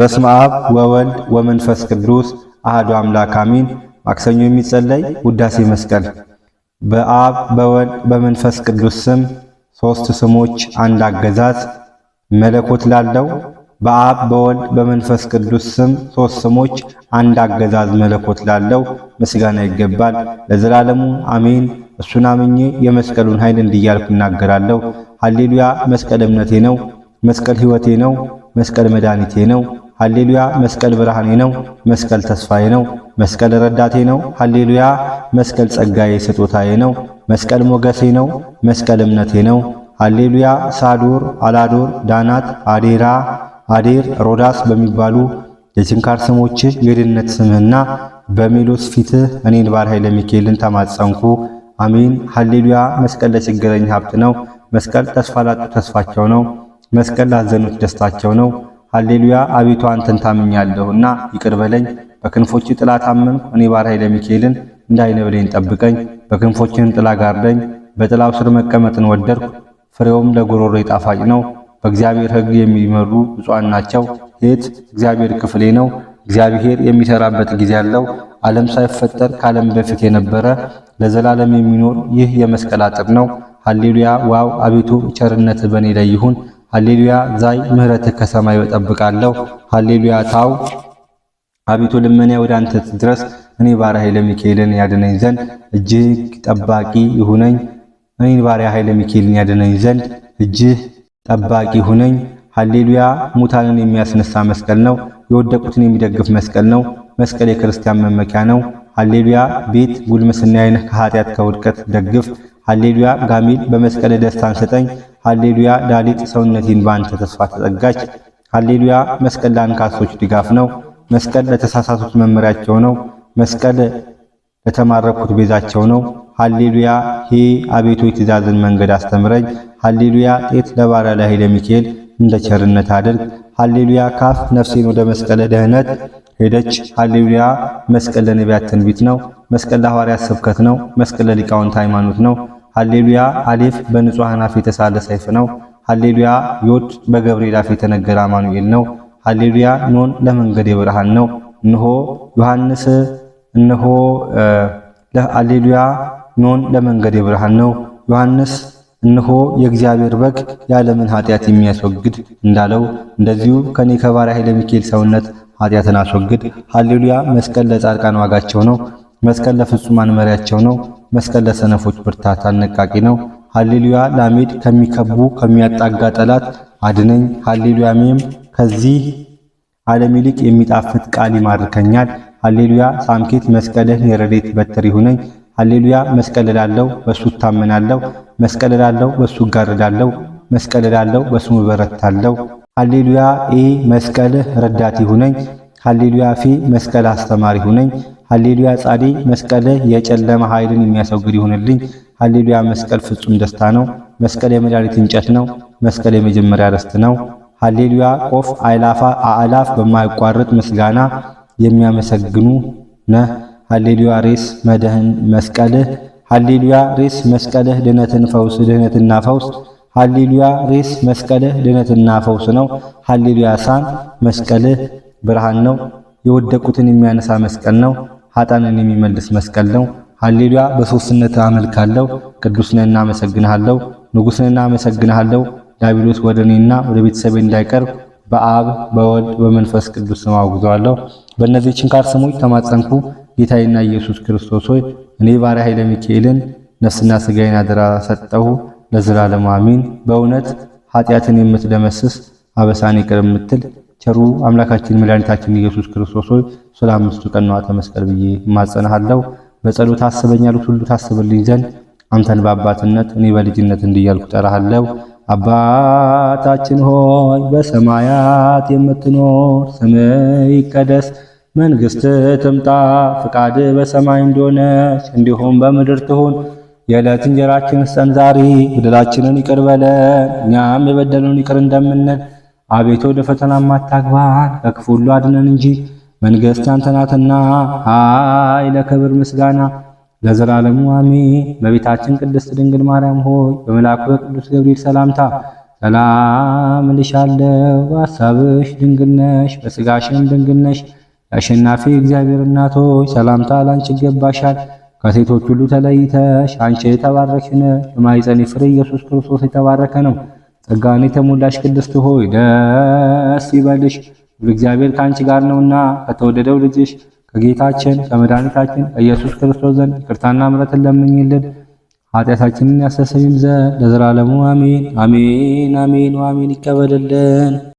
በስመ አብ ወወልድ ወመንፈስ ቅዱስ አህዶ አምላክ አሚን። ማክሰኞ የሚጸለይ ውዳሴ መስቀል። በአብ በወልድ በመንፈስ ቅዱስ ስም ሶስት ስሞች አንድ አገዛዝ መለኮት ላለው በአብ በወልድ በመንፈስ ቅዱስ ስም ሶስት ስሞች አንድ አገዛዝ መለኮት ላለው ምስጋና ይገባል ለዘላለሙ አሜን። እሱን አምኜ የመስቀሉን ኃይል እንዲያልኩ እናገራለሁ። ሃሌሉያ! መስቀል እምነቴ ነው። መስቀል ሕይወቴ ነው። መስቀል መድኃኒቴ ነው። ሃሌሉያ መስቀል ብርሃኔ ነው፣ መስቀል ተስፋዬ ነው፣ መስቀል ረዳቴ ነው። ሃሌሉያ መስቀል ጸጋዬ ስጦታዬ ነው፣ መስቀል ሞገሴ ነው፣ መስቀል እምነቴ ነው። ሃሌሉያ ሳዶር፣ አላዶር፣ ዳናት፣ አዴራ፣ አዴር፣ ሮዳስ በሚባሉ የችንካር ስሞች የድነት ስምህና በሚሎስ ፊትህ እኔን ባል ኃይለ ሚካኤልን ተማጸንኩ። አሜን። ሃሌሉያ መስቀል ለችግረኝ ሀብት ነው። መስቀል ተስፋ ላጡ ተስፋቸው ነው። መስቀል ላዘኑት ደስታቸው ነው። ሃሌሉያ አቤቱ አንተን ታምኛለሁና ይቅር በለኝ። በክንፎች ጥላ ታመንኩ። እኔ ባሪያ ሚካኤልን እንዳይነብለኝ ጠብቀኝ። በክንፎችን ጥላ ጋርደኝ። በጥላው ስር መቀመጥን ወደድኩ፣ ፍሬውም ለጉሮሮ ጣፋጭ ነው። በእግዚአብሔር ሕግ የሚመሩ ብፁዓን ናቸው። የት እግዚአብሔር ክፍሌ ነው። እግዚአብሔር የሚሰራበት ጊዜ አለው። ዓለም ሳይፈጠር ከዓለም በፊት የነበረ ለዘላለም የሚኖር ይህ የመስቀል አጥር ነው። ሃሌሉያ ዋው! አቤቱ ቸርነት በእኔ ላይ ይሁን ሃሌሉያ ዛይ ምህረትህ ከሰማይ እጠብቃለሁ። ሃሌሉያ ታው አቤቱ ልመና ወደ አንተ ትድረስ እኔ ባሪያ ኃይለ ሚካኤልን ያድነኝ ዘንድ እጅህ ጠባቂ ይሁነኝ። እኔ ባሪያ ኃይለ ሚካኤልን ያድነኝ ዘንድ እጅህ ጠባቂ ይሁነኝ። ሃሌሉያ ሙታንን የሚያስነሳ መስቀል ነው። የወደቁትን የሚደግፍ መስቀል ነው። መስቀል የክርስቲያን መመኪያ ነው። ሃሌሉያ ቤት ጉልምስናዬን ከኃጢአት ከውድቀት ደግፍ። ሃሌሉያ ጋሚል በመስቀል ደስታን ሰጠኝ ሃሌሉያ ዳሊጥ ሰውነቴን በአንተ ተስፋ ተጠጋች። ሃሌሉያ መስቀል ለአንካሶች ድጋፍ ነው። መስቀል ለተሳሳቱት መመሪያቸው ነው። መስቀል ለተማረኩት ቤዛቸው ነው። ሃሌሉያ ሄ አቤቱ የትእዛዝን መንገድ አስተምረኝ። ሃሌሉያ ጤት ለባሪያ ላይ ሚካኤል እንደ ቸርነት አድርግ። ሃሌሉያ ካፍ ነፍሴን ወደ መስቀለ ድህነት ሄደች። ሃሌሉያ! መስቀል ለነቢያት ትንቢት ነው። መስቀል ለሐዋርያት ስብከት ነው። መስቀል ለሊቃውንት ሃይማኖት ነው። ሃሌሉያ! አሌፍ በንጹሐን አፍ የተሳለ ሰይፍ ነው። ሃሌሉያ! ዮድ በገብርኤል አፍ የተነገረ አማኑኤል ነው። ሃሌሉያ! ኖን ለመንገድ የብርሃን ነው። እነሆ ዮሐንስ እነሆ ሃሌሉያ! ኖን ለመንገድ የብርሃን ነው። ዮሐንስ እነሆ የእግዚአብሔር በግ የዓለምን ኃጢአት የሚያስወግድ እንዳለው እንደዚሁ ከኔ ከባሪያ ኃይለ ሚካኤል ሰውነት ኃጢአትን አስወግድ። ሃሌሉያ! መስቀል ለጻድቃን ዋጋቸው ነው። መስቀል ለፍጹማን መሪያቸው ነው። መስቀል ለሰነፎች ብርታት አነቃቂ ነው። ሃሌሉያ! ላሜድ ከሚከቡ ከሚያጣጋ ጠላት አድነኝ። ሃሌሉያ! ሜም ከዚህ ዓለም ይልቅ የሚጣፍጥ ቃል ይማርከኛል። ሃሌሉያ! ሳምኬት መስቀልን የረዴት በትር ይሁነኝ። ሃሌሉያ! መስቀል እላለሁ በሱ እታመናለሁ። መስቀል እላለሁ በሱ እጋርዳለሁ። መስቀል እላለሁ በስሙ እበረታለሁ። ሀሌሉያ ኤ መስቀልህ ረዳት ይሁነኝ። ሀሌሉያ ፌ መስቀል አስተማሪ ይሁነኝ። ሀሌሉያ ጻዴ መስቀል የጨለማ ኃይልን የሚያስወግድ ይሁንልኝ። ሀሌሉያ መስቀል ፍጹም ደስታ ነው። መስቀል የመድኃኒት እንጨት ነው። መስቀል የመጀመሪያ ርስት ነው። ሀሌሉያ ቆፍ አይላፋ አእላፍ በማይቋረጥ ምስጋና የሚያመሰግኑ ነህ። ሀሌሉያ ሬስ መድህን መስቀልህ ሀሌሉያ ሬስ መስቀልህ ድህነትን ፈውስ ድህነትና ፈውስ ሃሌሉያ ሬስ መስቀልህ ድነትና ፈውስ ነው። ሃሌሉያ ሳን መስቀልህ ብርሃን ነው። የወደቁትን የሚያነሳ መስቀል ነው። ሀጣንን የሚመልስ መስቀል ነው። ሃሌሉያ በሶስትነት አመልካለሁ። ቅዱስ ነህ እናመሰግንሃለሁ። ንጉሥ ነህ እናመሰግንሃለሁ። ዳቢሎስ ወደ እኔና ወደ ቤተሰቤ እንዳይቀርብ በአብ በወልድ በመንፈስ ቅዱስ ስም አውግዘዋለሁ። በእነዚህ ችንካር ስሞች ተማጸንኩ። ጌታዬና ኢየሱስ ክርስቶስ ሆይ እኔ ባሪያ ኃይለ ሚካኤልን ነፍስና ስጋዬን አደራ ሰጠሁ። ለዘላለም አሚን። በእውነት ኃጢአትን የምትደመስስ አበሳን ይቅር የምትል ቸሩ አምላካችን መድኃኒታችን ኢየሱስ ክርስቶስ ሆይ ስለ አምስቱ ቀናተ መስቀል ብዬ እማጸንሃለሁ። በጸሎት አስበኝ ያሉት ሁሉ ታስብልኝ ዘንድ አንተን በአባትነት እኔ በልጅነት እንዲያልኩ ጠራሃለሁ። አባታችን ሆይ በሰማያት የምትኖር ስምህ ይቀደስ፣ መንግስት ትምጣ፣ ፍቃድ በሰማይ እንደሆነች እንዲሁም በምድር ትሁን የዕለት እንጀራችን ስጠን ዛሬ፣ በደላችንን ይቅር በለን እኛም የበደሉን ይቅር እንደምንል። አቤቱ ወደ ፈተና አታግባን ከክፉ ሁሉ አድነን እንጂ መንግሥት ያንተ ናትና፣ ኃይል፣ ክብር፣ ምስጋና ለዘላለሙ አሜን። በቤታችን ቅድስት ድንግል ማርያም ሆይ በመልአኩ በቅዱስ ገብርኤል ሰላምታ ሰላም እልሻለሁ። በሐሳብሽ ድንግል ነሽ፣ በሥጋሽም ድንግል ነሽ። የአሸናፊ እግዚአብሔር እናት ሆይ ሰላምታ ላንቺ ይገባሻል። ከሴቶች ሁሉ ተለይተሽ አንቺ የተባረክሽ ነሽ፣ የማኅፀንሽ ፍሬ ኢየሱስ ክርስቶስ የተባረከ ነው። ጸጋን የተሞላሽ ቅድስት ሆይ ደስ ይበልሽ፣ እግዚአብሔር ከአንቺ ጋር ነውና ከተወደደው ልጅሽ ከጌታችን ከመድኃኒታችን ከኢየሱስ ክርስቶስ ዘንድ ይቅርታና ምሕረትን ለምኝልን ኃጢአታችንን ያስተሰርይልን ዘንድ ለዘላለሙ አሜን አሜን አሜን። አሜን ይቀበልልን